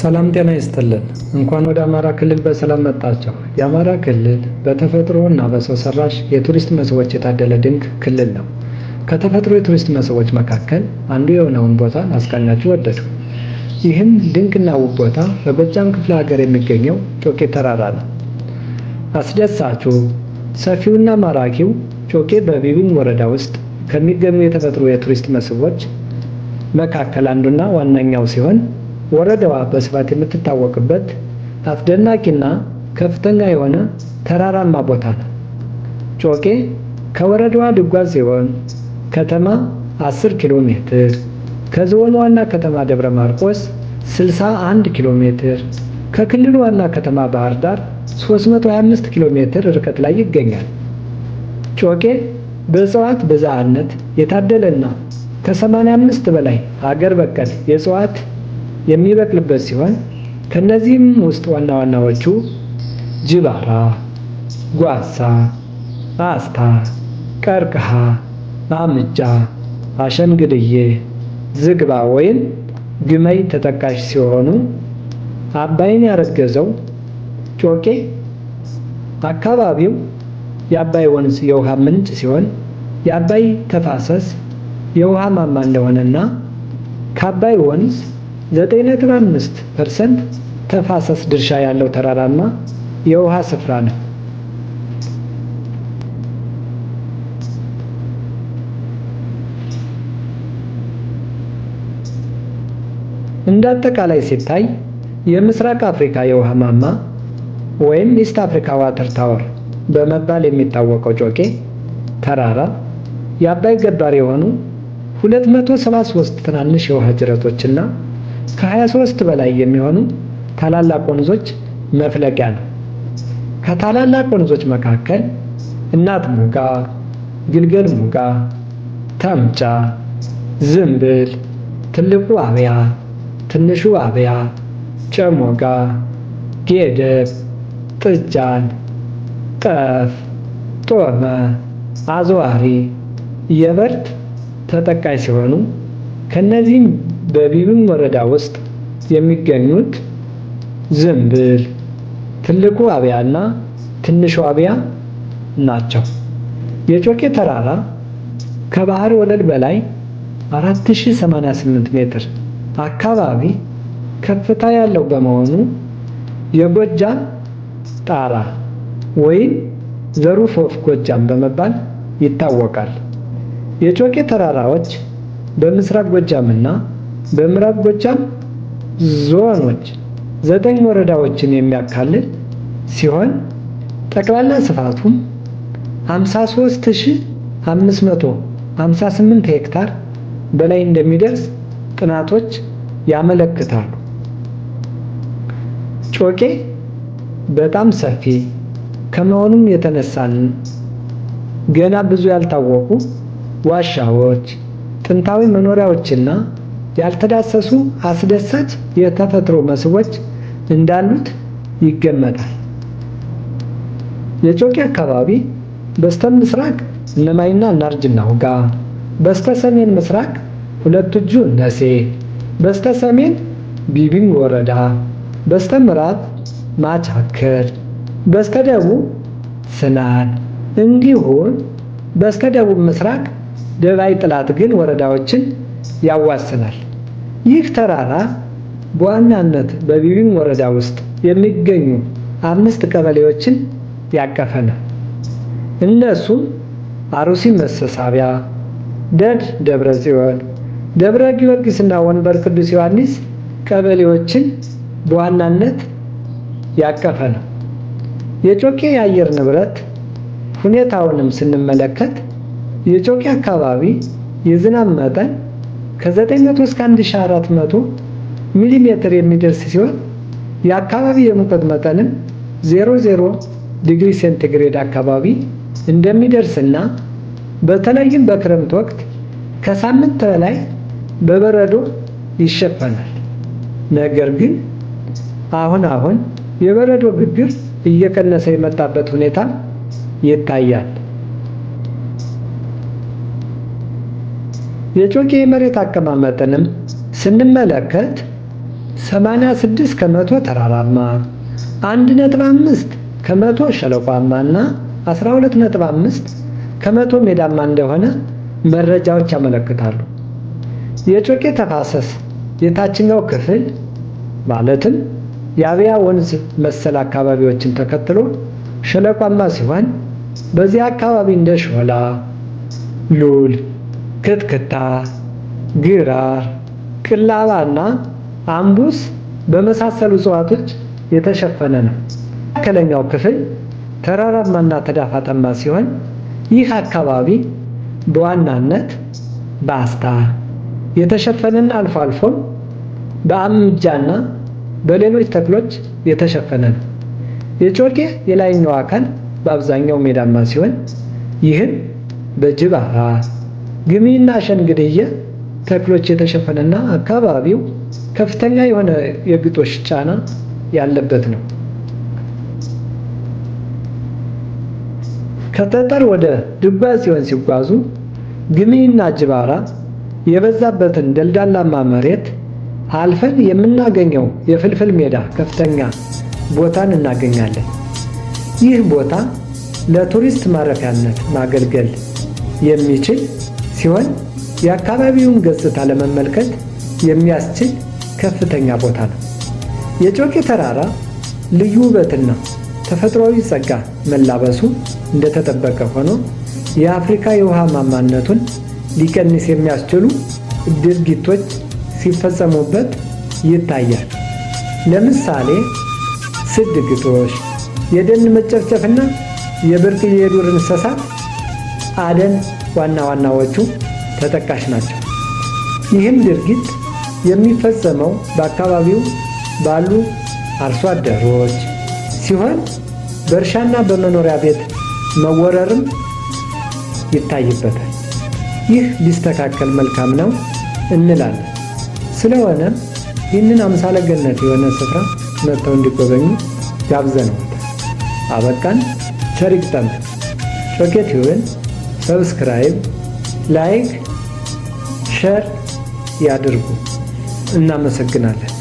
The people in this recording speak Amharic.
ሰላም ጤና ይስጥልን። እንኳን ወደ አማራ ክልል በሰላም መጣቸው የአማራ ክልል በተፈጥሮ እና በሰው ሰራሽ የቱሪስት መስህቦች የታደለ ድንቅ ክልል ነው። ከተፈጥሮ የቱሪስት መስህቦች መካከል አንዱ የሆነውን ቦታ ላስቃኛችሁ ወደዱ። ይህም ድንቅና ውብ ቦታ በጎጃም ክፍለ ሀገር የሚገኘው ጮቄ ተራራ ነው። አስደሳቹ ሰፊውና ማራኪው ጮቄ በቢቢኝ ወረዳ ውስጥ ከሚገኙ የተፈጥሮ የቱሪስት መስህቦች መካከል አንዱና ዋነኛው ሲሆን ወረዳዋ በስፋት የምትታወቅበት አስደናቂና ከፍተኛ የሆነ ተራራማ ቦታ ነው። ጮቄ ከወረዳዋ ድጓዝ ሲሆን ከተማ 10 ኪሎ ሜትር፣ ከዞኑ ዋና ከተማ ደብረ ማርቆስ 61 ኪሎ ሜትር፣ ከክልሉ ዋና ከተማ ባህር ዳር 325 ኪሎ ሜትር ርቀት ላይ ይገኛል። ጮቄ በእጽዋት ብዝሃነት የታደለና ከ85 በላይ አገር በቀል የእጽዋት የሚበቅልበት ሲሆን ከነዚህም ውስጥ ዋና ዋናዎቹ ጅባራ፣ ጓሳ፣ ፣ ቀርቅሃ፣ ቀርከሃ፣ ማምጫ፣ አሸንግድዬ፣ ዝግባ ወይም ግመይ ተጠቃሽ ሲሆኑ አባይን ያረገዘው ጮቄ አካባቢው የአባይ ወንዝ የውሃ ምንጭ ሲሆን የአባይ ተፋሰስ የውሃ ማማ እንደሆነና ከአባይ ወንዝ 9.5 ፐርሰንት ተፋሰስ ድርሻ ያለው ተራራማ የውሃ ስፍራ ነው። እንደ አጠቃላይ ሲታይ የምስራቅ አፍሪካ የውሃ ማማ ወይም ኢስት አፍሪካ ዋተር ታወር በመባል የሚታወቀው ጮቄ ተራራ የአባይ ገባር የሆኑ 273 ትናንሽ የውሃ ጅረቶችና ከ23 በላይ የሚሆኑ ታላላቅ ወንዞች መፍለቂያ ነው። ከታላላቅ ወንዞች መካከል እናት ሙጋ፣ ግልገል ሙጋ፣ ተምጫ፣ ዝምብል፣ ትልቁ አብያ፣ ትንሹ አብያ፣ ጨሞጋ፣ ጌደብ፣ ጥጃን፣ ጠፍ፣ ጦመ፣ አዘዋሪ፣ የበርት ተጠቃሽ ሲሆኑ ከነዚህም በቢብም ወረዳ ውስጥ የሚገኙት ዝምብል ትልቁ አብያ እና ትንሹ አብያ ናቸው። የጮቄ ተራራ ከባህር ወለል በላይ 4088 ሜትር አካባቢ ከፍታ ያለው በመሆኑ የጎጃም ጣራ ወይም ዘሩፍ ኦፍ ጎጃም በመባል ይታወቃል። የጮቄ ተራራዎች በምስራቅ ጎጃም እና በምዕራብ ጎጃም ዞኖች ዘጠኝ ወረዳዎችን የሚያካልል ሲሆን ጠቅላላ ስፋቱም 53558 ሄክታር በላይ እንደሚደርስ ጥናቶች ያመለክታሉ። ጮቄ በጣም ሰፊ ከመሆኑም የተነሳን ገና ብዙ ያልታወቁ ዋሻዎች ጥንታዊ መኖሪያዎችና ያልተዳሰሱ አስደሳች የተፈጥሮ መስህቦች እንዳሉት ይገመታል። የጮቄ አካባቢ በስተ ምስራቅ እነማይና እናርጅና ውጋ፣ በስተ ሰሜን ምስራቅ ሁለት እጁ እነሴ፣ በስተ ሰሜን ቢቢንግ ወረዳ፣ በስተ ምዕራብ ማቻክር፣ በስተ ደቡብ ስናን እንዲሁም በስተ ደቡብ ምስራቅ ደባይ ጥላት ግን ወረዳዎችን ያዋስናል። ይህ ተራራ በዋናነት በቢቢም ወረዳ ውስጥ የሚገኙ አምስት ቀበሌዎችን ያቀፈ ነው። እነሱም አሩሲ መሰሳቢያ፣ ደድ ደብረ ጽዮን፣ ደብረ ጊዮርጊስና ወንበር ቅዱስ ዮሐንስ ቀበሌዎችን በዋናነት ያቀፈ ነው። የጮቄ የአየር ንብረት ሁኔታውንም ስንመለከት የጮቄ አካባቢ የዝናብ መጠን ከ900 እስከ 1400 ሚሊ ሜትር የሚደርስ ሲሆን የአካባቢ የሙቀት መጠንም 00 ዲግሪ ሴንቲግሬድ አካባቢ እንደሚደርስና በተለይም በክረምት ወቅት ከሳምንት በላይ በበረዶ ይሸፈናል። ነገር ግን አሁን አሁን የበረዶ ግግር እየቀነሰ የመጣበት ሁኔታ ይታያል። የጮቄ የመሬት አቀማመጥንም ስንመለከት 86 ከመቶ ተራራማ፣ 1.5 ከመቶ ሸለቋማ እና 12.5 ከመቶ ሜዳማ እንደሆነ መረጃዎች ያመለክታሉ። የጮቄ ተፋሰስ የታችኛው ክፍል ማለትም የአብያ ወንዝ መሰል አካባቢዎችን ተከትሎ ሸለቋማ ሲሆን በዚህ አካባቢ እንደ ሾላ፣ ሉል ክትክታ፣ ግራር፣ ቅላባ እና አምቡስ በመሳሰሉ እጽዋቶች የተሸፈነ ነው። መካከለኛው ክፍል ተራራማና ተዳፋጣማ ሲሆን ይህ አካባቢ በዋናነት በአስታ የተሸፈነን አልፎ አልፎም በአምጃና በሌሎች ተክሎች የተሸፈነ ነው። የጮቄ የላይኛው አካል በአብዛኛው ሜዳማ ሲሆን ይህም በጅብ ግሚና ሸንግድየ ተክሎች የተሸፈነና አካባቢው ከፍተኛ የሆነ የግጦሽ ጫና ያለበት ነው። ከጠጠር ወደ ድባ ሲሆን ሲጓዙ ግሚና ጅባራ የበዛበትን ደልዳላማ መሬት አልፈን የምናገኘው የፍልፍል ሜዳ ከፍተኛ ቦታን እናገኛለን። ይህ ቦታ ለቱሪስት ማረፊያነት ማገልገል የሚችል ሲሆን የአካባቢውን ገጽታ ለመመልከት የሚያስችል ከፍተኛ ቦታ ነው። የጮቄ ተራራ ልዩ ውበትና ተፈጥሯዊ ጸጋ መላበሱ እንደተጠበቀ ሆኖ የአፍሪካ የውሃ ማማነቱን ሊቀንስ የሚያስችሉ ድርጊቶች ሲፈጸሙበት ይታያል። ለምሳሌ ስድ ግጦሽ፣ የደን መጨፍጨፍና የብርቅዬ የዱር እንስሳት አደን ዋና ዋናዎቹ ተጠቃሽ ናቸው። ይህም ድርጊት የሚፈጸመው በአካባቢው ባሉ አርሶ አደሮች ሲሆን በእርሻና በመኖሪያ ቤት መወረርም ይታይበታል። ይህ ቢስተካከል መልካም ነው እንላለን። ስለሆነ ይህንን አምሳለ ገነት የሆነ ስፍራ መጥተው እንዲጎበኙ ጋብዘንዎታል። አበቃን። ቸር ይግጠመን። ጮቄ ሰብስክራይብ፣ ላይክ፣ ሸር ያድርጉ። እናመሰግናለን።